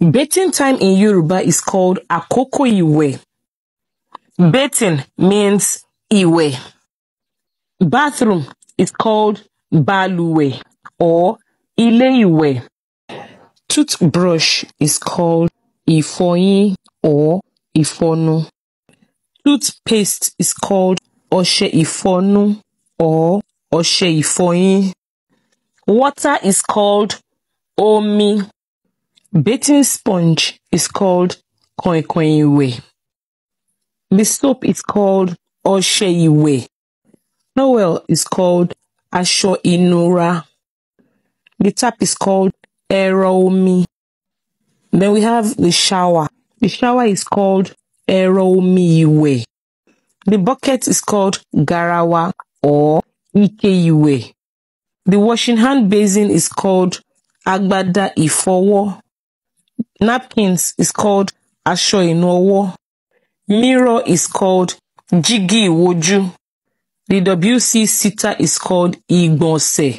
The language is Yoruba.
Bathing time in Yoruba is called akoko iwe. Bathing means iwe. Bathroom is called baluwe or ile iwe. Toothbrush is called ifoyin or ifonu. Toothpaste is called ọṣẹ Ifonu or ọṣẹ ìfọyín. Water is called omi Bathing sponge is called koinkoinwe. The soap is called ọṣẹ-ìwẹ̀. Towel is called aṣọ ìnura. The tap is called eromi. Then we have the shower. The shower is called eromiwe. The bucket is called garawa or ike The washing hand basin is called agbada ifowo napkins is called aṣọ ìnuọwọ́ mirror is called jígí ìwojú the WC sitter is called ìgbọ̀nsẹ̀